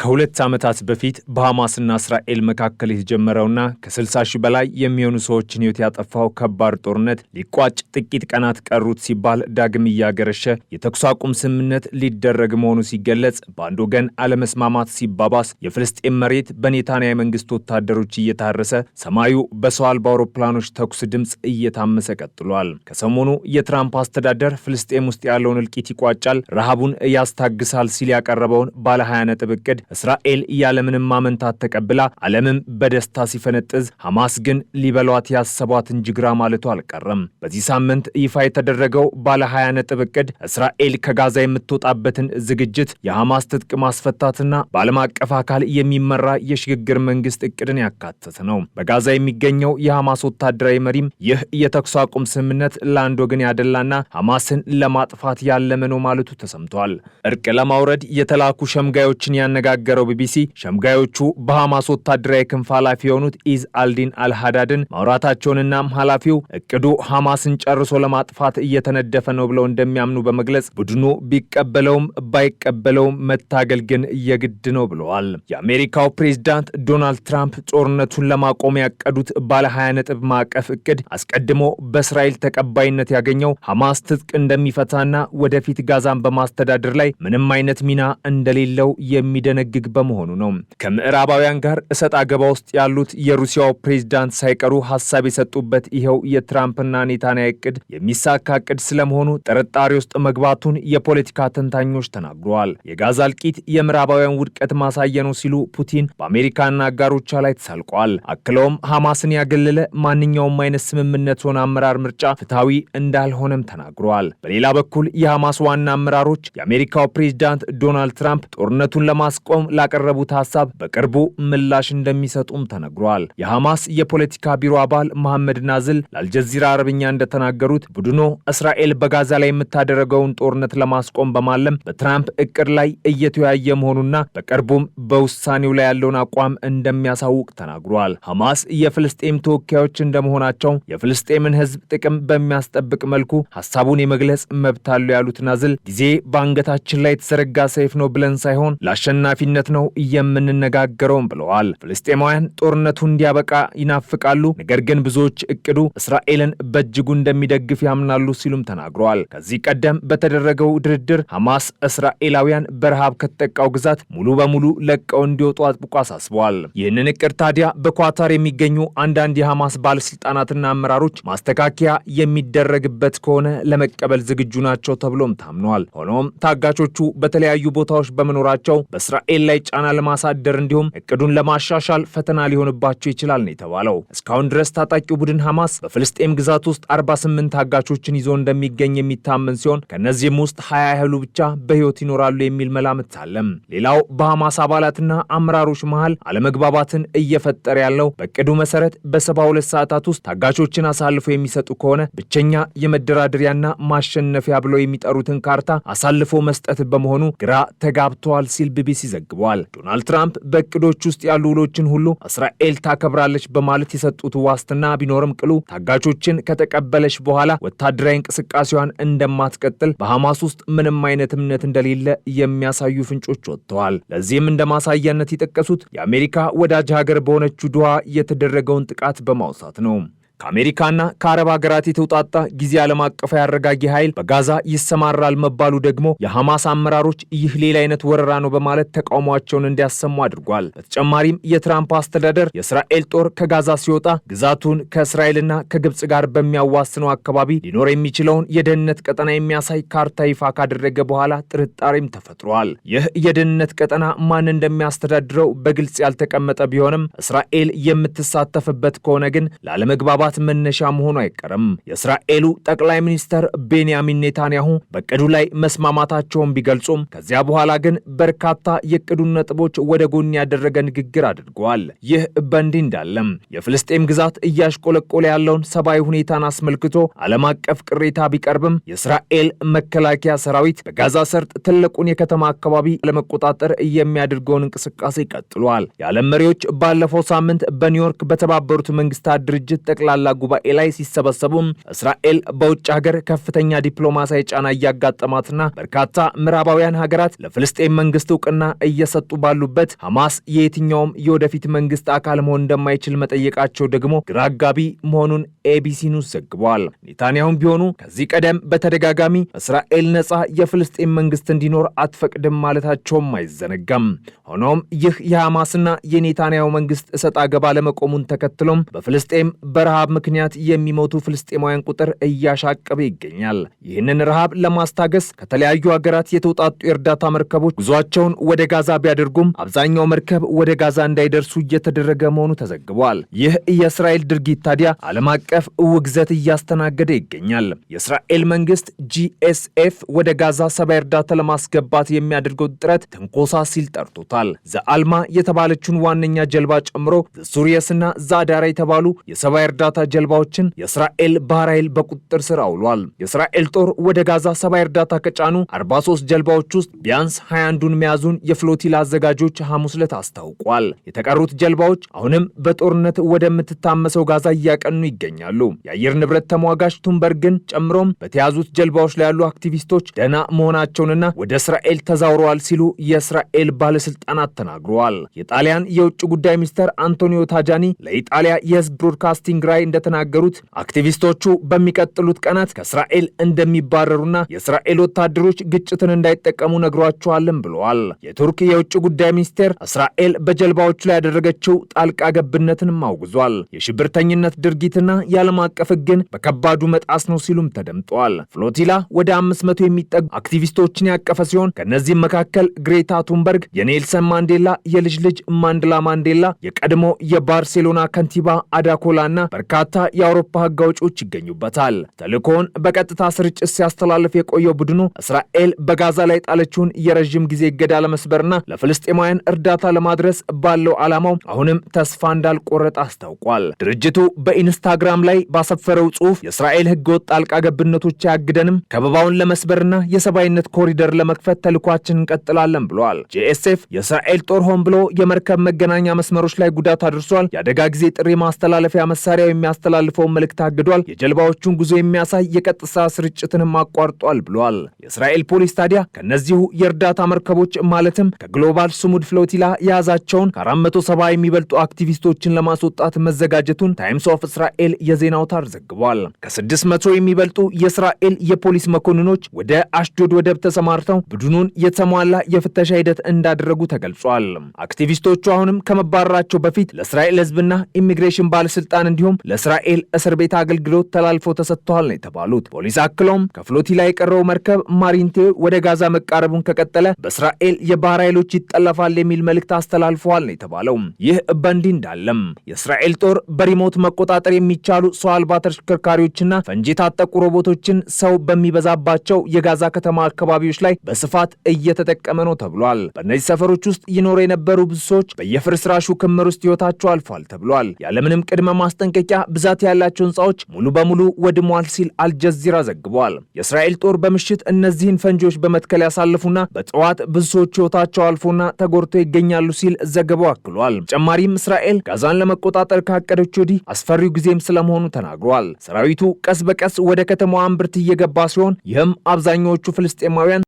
ከሁለት ዓመታት በፊት በሐማስና እስራኤል መካከል የተጀመረውና ከ60 ሺህ በላይ የሚሆኑ ሰዎችን ሕይወት ያጠፋው ከባድ ጦርነት ሊቋጭ ጥቂት ቀናት ቀሩት ሲባል ዳግም እያገረሸ የተኩስ አቁም ስምምነት ሊደረግ መሆኑ ሲገለጽ፣ በአንድ ወገን አለመስማማት ሲባባስ የፍልስጤም መሬት በኔታንያ መንግስት ወታደሮች እየታረሰ ሰማዩ በሰው አልባ አውሮፕላኖች ተኩስ ድምፅ እየታመሰ ቀጥሏል። ከሰሞኑ የትራምፕ አስተዳደር ፍልስጤም ውስጥ ያለውን እልቂት ይቋጫል፣ ረሃቡን ያስታግሳል ሲል ያቀረበውን ባለ 20 ነጥብ እቅድ እስራኤል ያለምንም ማመንታት ተቀብላ ዓለምም በደስታ ሲፈነጥዝ ሐማስ ግን ሊበሏት ያሰቧትን ጅግራ ማለቱ አልቀረም። በዚህ ሳምንት ይፋ የተደረገው ባለ 20 ነጥብ እቅድ እስራኤል ከጋዛ የምትወጣበትን ዝግጅት፣ የሐማስ ትጥቅ ማስፈታትና በዓለም አቀፍ አካል የሚመራ የሽግግር መንግስት ዕቅድን ያካተተ ነው። በጋዛ የሚገኘው የሐማስ ወታደራዊ መሪም ይህ የተኩስ አቁም ስምምነት ለአንድ ወገን ያደላና ሐማስን ለማጥፋት ያለመ ነው ማለቱ ተሰምቷል። እርቅ ለማውረድ የተላኩ ሸምጋዮችን ያነጋ የተናገረው ቢቢሲ ሸምጋዮቹ በሐማስ ወታደራዊ ክንፍ ኃላፊ የሆኑት ኢዝ አልዲን አልሃዳድን ማውራታቸውንና ኃላፊው እቅዱ ሐማስን ጨርሶ ለማጥፋት እየተነደፈ ነው ብለው እንደሚያምኑ በመግለጽ ቡድኑ ቢቀበለውም ባይቀበለውም መታገል ግን የግድ ነው ብለዋል። የአሜሪካው ፕሬዚዳንት ዶናልድ ትራምፕ ጦርነቱን ለማቆም ያቀዱት ባለ 20 ነጥብ ማዕቀፍ እቅድ አስቀድሞ በእስራኤል ተቀባይነት ያገኘው ሐማስ ትጥቅ እንደሚፈታና ወደፊት ጋዛን በማስተዳደር ላይ ምንም አይነት ሚና እንደሌለው የሚደነግ የሚያገለግግ በመሆኑ ነው። ከምዕራባውያን ጋር እሰጥ አገባ ውስጥ ያሉት የሩሲያው ፕሬዝዳንት ሳይቀሩ ሀሳብ የሰጡበት ይኸው የትራምፕና ኔታንያ እቅድ የሚሳካ እቅድ ስለመሆኑ ጥርጣሬ ውስጥ መግባቱን የፖለቲካ ተንታኞች ተናግረዋል። የጋዛ እልቂት የምዕራባውያን ውድቀት ማሳያ ነው ሲሉ ፑቲን በአሜሪካና አጋሮቿ ላይ ተሳልቋል። አክለውም ሐማስን ያገለለ ማንኛውም አይነት ስምምነት ሆነ አመራር ምርጫ ፍትሐዊ እንዳልሆነም ተናግረዋል። በሌላ በኩል የሐማስ ዋና አመራሮች የአሜሪካው ፕሬዝዳንት ዶናልድ ትራምፕ ጦርነቱን ለማስቆም አስረግጠውም ላቀረቡት ሀሳብ በቅርቡ ምላሽ እንደሚሰጡም ተነግሯል። የሐማስ የፖለቲካ ቢሮ አባል መሐመድ ናዝል ለአልጀዚራ አረብኛ እንደተናገሩት ቡድኑ እስራኤል በጋዛ ላይ የምታደረገውን ጦርነት ለማስቆም በማለም በትራምፕ እቅድ ላይ እየተወያየ መሆኑና በቅርቡም በውሳኔው ላይ ያለውን አቋም እንደሚያሳውቅ ተናግሯል። ሐማስ የፍልስጤም ተወካዮች እንደመሆናቸው የፍልስጤምን ሕዝብ ጥቅም በሚያስጠብቅ መልኩ ሀሳቡን የመግለጽ መብት አለው ያሉት ናዝል ጊዜ በአንገታችን ላይ የተዘረጋ ሰይፍ ነው ብለን ሳይሆን ለአሸናፊ ኃላፊነት ነው የምንነጋገረውም ብለዋል። ፍልስጤማውያን ጦርነቱ እንዲያበቃ ይናፍቃሉ፣ ነገር ግን ብዙዎች እቅዱ እስራኤልን በእጅጉ እንደሚደግፍ ያምናሉ ሲሉም ተናግረዋል። ከዚህ ቀደም በተደረገው ድርድር ሐማስ እስራኤላውያን በረሃብ ከተጠቃው ግዛት ሙሉ በሙሉ ለቀው እንዲወጡ አጥብቆ አሳስበዋል። ይህንን እቅድ ታዲያ በኳታር የሚገኙ አንዳንድ የሐማስ ባለስልጣናትና አመራሮች ማስተካከያ የሚደረግበት ከሆነ ለመቀበል ዝግጁ ናቸው ተብሎም ታምነዋል። ሆኖም ታጋቾቹ በተለያዩ ቦታዎች በመኖራቸው በእስራኤል በዩክሬን ላይ ጫና ለማሳደር እንዲሁም እቅዱን ለማሻሻል ፈተና ሊሆንባቸው ይችላል ነው የተባለው። እስካሁን ድረስ ታጣቂው ቡድን ሐማስ በፍልስጤም ግዛት ውስጥ 48 ታጋቾችን ይዞ እንደሚገኝ የሚታመን ሲሆን ከእነዚህም ውስጥ 20 ያህሉ ብቻ በሕይወት ይኖራሉ የሚል መላምት አለም። ሌላው በሐማስ አባላትና አመራሮች መሃል አለመግባባትን እየፈጠረ ያለው በእቅዱ መሰረት በ72 ሰዓታት ውስጥ ታጋቾችን አሳልፎ የሚሰጡ ከሆነ ብቸኛ የመደራደሪያና ማሸነፊያ ብለው የሚጠሩትን ካርታ አሳልፎ መስጠት በመሆኑ ግራ ተጋብተዋል ሲል ቢቢሲ ዘግ ተዘግቧል። ዶናልድ ትራምፕ በእቅዶች ውስጥ ያሉ ውሎችን ሁሉ እስራኤል ታከብራለች በማለት የሰጡት ዋስትና ቢኖርም ቅሉ ታጋቾችን ከተቀበለች በኋላ ወታደራዊ እንቅስቃሴዋን እንደማትቀጥል በሐማስ ውስጥ ምንም አይነት እምነት እንደሌለ የሚያሳዩ ፍንጮች ወጥተዋል። ለዚህም እንደ ማሳያነት የጠቀሱት የአሜሪካ ወዳጅ ሀገር በሆነችው ድሃ የተደረገውን ጥቃት በማውሳት ነው። ከአሜሪካና ከአረብ ሀገራት የተውጣጣ ጊዜ ዓለም አቀፍ አረጋጊ ኃይል በጋዛ ይሰማራል መባሉ ደግሞ የሐማስ አመራሮች ይህ ሌላ አይነት ወረራ ነው በማለት ተቃውሟቸውን እንዲያሰሙ አድርጓል። በተጨማሪም የትራምፕ አስተዳደር የእስራኤል ጦር ከጋዛ ሲወጣ ግዛቱን ከእስራኤልና ከግብፅ ጋር በሚያዋስነው አካባቢ ሊኖር የሚችለውን የደህንነት ቀጠና የሚያሳይ ካርታ ይፋ ካደረገ በኋላ ጥርጣሬም ተፈጥሯል። ይህ የደህንነት ቀጠና ማን እንደሚያስተዳድረው በግልጽ ያልተቀመጠ ቢሆንም እስራኤል የምትሳተፍበት ከሆነ ግን ላለመግባባት መግባት መነሻ መሆኑ አይቀርም። የእስራኤሉ ጠቅላይ ሚኒስትር ቤንያሚን ኔታንያሁ በቅዱ ላይ መስማማታቸውን ቢገልጹም ከዚያ በኋላ ግን በርካታ የቅዱን ነጥቦች ወደ ጎን ያደረገ ንግግር አድርገዋል። ይህ በእንዲህ እንዳለም የፍልስጤም ግዛት እያሽቆለቆለ ያለውን ሰብአዊ ሁኔታን አስመልክቶ ዓለም አቀፍ ቅሬታ ቢቀርብም የእስራኤል መከላከያ ሰራዊት በጋዛ ሰርጥ ትልቁን የከተማ አካባቢ ለመቆጣጠር የሚያደርገውን እንቅስቃሴ ቀጥሏል። የዓለም መሪዎች ባለፈው ሳምንት በኒውዮርክ በተባበሩት መንግስታት ድርጅት ጠቅላላ ጠቅላላ ጉባኤ ላይ ሲሰበሰቡ እስራኤል በውጭ ሀገር ከፍተኛ ዲፕሎማሲያዊ ጫና እያጋጠማትና በርካታ ምዕራባውያን ሀገራት ለፍልስጤም መንግስት እውቅና እየሰጡ ባሉበት ሐማስ የየትኛውም የወደፊት መንግስት አካል መሆን እንደማይችል መጠየቃቸው ደግሞ ግራ አጋቢ መሆኑን ኤቢሲ ኒውስ ዘግቧል። ኔታንያሁም ቢሆኑ ከዚህ ቀደም በተደጋጋሚ እስራኤል ነጻ የፍልስጤም መንግስት እንዲኖር አትፈቅድም ማለታቸውም አይዘነጋም። ሆኖም ይህ የሐማስና የኔታንያሁ መንግስት እሰጥ አገባ ለመቆሙን ተከትሎም በፍልስጤም በረሃ ረሃብ ምክንያት የሚሞቱ ፍልስጤማውያን ቁጥር እያሻቀበ ይገኛል። ይህንን ረሃብ ለማስታገስ ከተለያዩ ሀገራት የተውጣጡ የእርዳታ መርከቦች ጉዟቸውን ወደ ጋዛ ቢያደርጉም አብዛኛው መርከብ ወደ ጋዛ እንዳይደርሱ እየተደረገ መሆኑ ተዘግቧል። ይህ የእስራኤል ድርጊት ታዲያ ዓለም አቀፍ ውግዘት እያስተናገደ ይገኛል። የእስራኤል መንግስት ጂኤስኤፍ ወደ ጋዛ ሰብዓዊ እርዳታ ለማስገባት የሚያደርገው ጥረት ትንኮሳ ሲል ጠርቶታል። ዘአልማ የተባለችውን ዋነኛ ጀልባ ጨምሮ ዘሱሪየስና ዛዳራ የተባሉ የሰብዓዊ እርዳታ የእርዳታ ጀልባዎችን የእስራኤል ባህር ኃይል በቁጥጥር ስር አውሏል። የእስራኤል ጦር ወደ ጋዛ ሰብአዊ እርዳታ ከጫኑ 43 ጀልባዎች ውስጥ ቢያንስ 21ዱን መያዙን የፍሎቲላ አዘጋጆች ሐሙስ ዕለት አስታውቋል። የተቀሩት ጀልባዎች አሁንም በጦርነት ወደምትታመሰው ጋዛ እያቀኑ ይገኛሉ። የአየር ንብረት ተሟጋች ቱንበርግን ጨምሮም በተያዙት ጀልባዎች ላይ ያሉ አክቲቪስቶች ደህና መሆናቸውንና ወደ እስራኤል ተዛውረዋል ሲሉ የእስራኤል ባለስልጣናት ተናግረዋል። የጣሊያን የውጭ ጉዳይ ሚኒስትር አንቶኒዮ ታጃኒ ለኢጣሊያ የህዝብ ብሮድካስቲንግ ራይ እንደተናገሩት አክቲቪስቶቹ በሚቀጥሉት ቀናት ከእስራኤል እንደሚባረሩና የእስራኤል ወታደሮች ግጭትን እንዳይጠቀሙ ነግሯቸዋልም ብለዋል። የቱርክ የውጭ ጉዳይ ሚኒስቴር እስራኤል በጀልባዎቹ ላይ ያደረገችው ጣልቃ ገብነትንም አውግዟል። የሽብርተኝነት ድርጊትና የዓለም አቀፍ ሕግን በከባዱ መጣስ ነው ሲሉም ተደምጠዋል። ፍሎቲላ ወደ አምስት መቶ የሚጠጉ አክቲቪስቶችን ያቀፈ ሲሆን ከእነዚህም መካከል ግሬታ ቱንበርግ፣ የኔልሰን ማንዴላ የልጅ ልጅ ማንድላ ማንዴላ፣ የቀድሞ የባርሴሎና ከንቲባ አዳኮላ እና በርካታ በርካታ የአውሮፓ ህግ አውጪዎች ይገኙበታል። ተልእኮውን በቀጥታ ስርጭት ሲያስተላልፍ የቆየው ቡድኑ እስራኤል በጋዛ ላይ ጣለችውን የረዥም ጊዜ እገዳ ለመስበርና ለፍልስጤማውያን እርዳታ ለማድረስ ባለው ዓላማው አሁንም ተስፋ እንዳልቆረጠ አስታውቋል። ድርጅቱ በኢንስታግራም ላይ ባሰፈረው ጽሑፍ የእስራኤል ሕገወጥ ጣልቃ ገብነቶች አያግደንም፣ ከበባውን ለመስበርና የሰብአዊነት ኮሪደር ለመክፈት ተልኳችን እንቀጥላለን ብለዋል። ጄኤስኤፍ የእስራኤል ጦር ሆን ብሎ የመርከብ መገናኛ መስመሮች ላይ ጉዳት አድርሷል፣ የአደጋ ጊዜ ጥሪ ማስተላለፊያ መሳሪያ የሚያስተላልፈውን መልእክት አግዷል። የጀልባዎቹን ጉዞ የሚያሳይ የቀጥታ ስርጭትንም አቋርጧል ብሏል። የእስራኤል ፖሊስ ታዲያ ከእነዚሁ የእርዳታ መርከቦች ማለትም ከግሎባል ሱሙድ ፍሎቲላ የያዛቸውን ከ470 የሚበልጡ አክቲቪስቶችን ለማስወጣት መዘጋጀቱን ታይምስ ኦፍ እስራኤል የዜና አውታር ዘግቧል። ከ600 የሚበልጡ የእስራኤል የፖሊስ መኮንኖች ወደ አሽዶድ ወደብ ተሰማርተው ቡድኑን የተሟላ የፍተሻ ሂደት እንዳደረጉ ተገልጿል። አክቲቪስቶቹ አሁንም ከመባረራቸው በፊት ለእስራኤል ሕዝብና ኢሚግሬሽን ባለስልጣን እንዲሁም ለእስራኤል እስር ቤት አገልግሎት ተላልፎ ተሰጥተዋል ነው የተባሉት። ፖሊስ አክሎም ከፍሎቲላ የቀረው መርከብ ማሪንቴ ወደ ጋዛ መቃረቡን ከቀጠለ በእስራኤል የባህር ኃይሎች ይጠለፋል የሚል መልእክት አስተላልፈዋል ነው የተባለው። ይህ በእንዲህ እንዳለም የእስራኤል ጦር በሪሞት መቆጣጠር የሚቻሉ ሰው አልባ ተሽከርካሪዎችና ፈንጂ የታጠቁ ሮቦቶችን ሰው በሚበዛባቸው የጋዛ ከተማ አካባቢዎች ላይ በስፋት እየተጠቀመ ነው ተብሏል። በእነዚህ ሰፈሮች ውስጥ ይኖሩ የነበሩ ብዙ ሰዎች በየፍርስራሹ ክምር ውስጥ ሕይወታቸው አልፏል ተብሏል። ያለምንም ቅድመ ማስጠንቀቂያ ብዛት ያላቸው ህንፃዎች ሙሉ በሙሉ ወድመዋል ሲል አልጀዚራ ዘግቧል። የእስራኤል ጦር በምሽት እነዚህን ፈንጂዎች በመትከል ያሳልፉና በጠዋት ብዙ ሰዎች ህይወታቸው አልፎና ተጎድቶ ይገኛሉ ሲል ዘገባው አክሏል። ተጨማሪም እስራኤል ጋዛን ለመቆጣጠር ካቀደች ወዲህ አስፈሪው ጊዜም ስለመሆኑ ተናግሯል። ሰራዊቱ ቀስ በቀስ ወደ ከተማዋ እምብርት እየገባ ሲሆን ይህም አብዛኛዎቹ ፍልስጤማውያን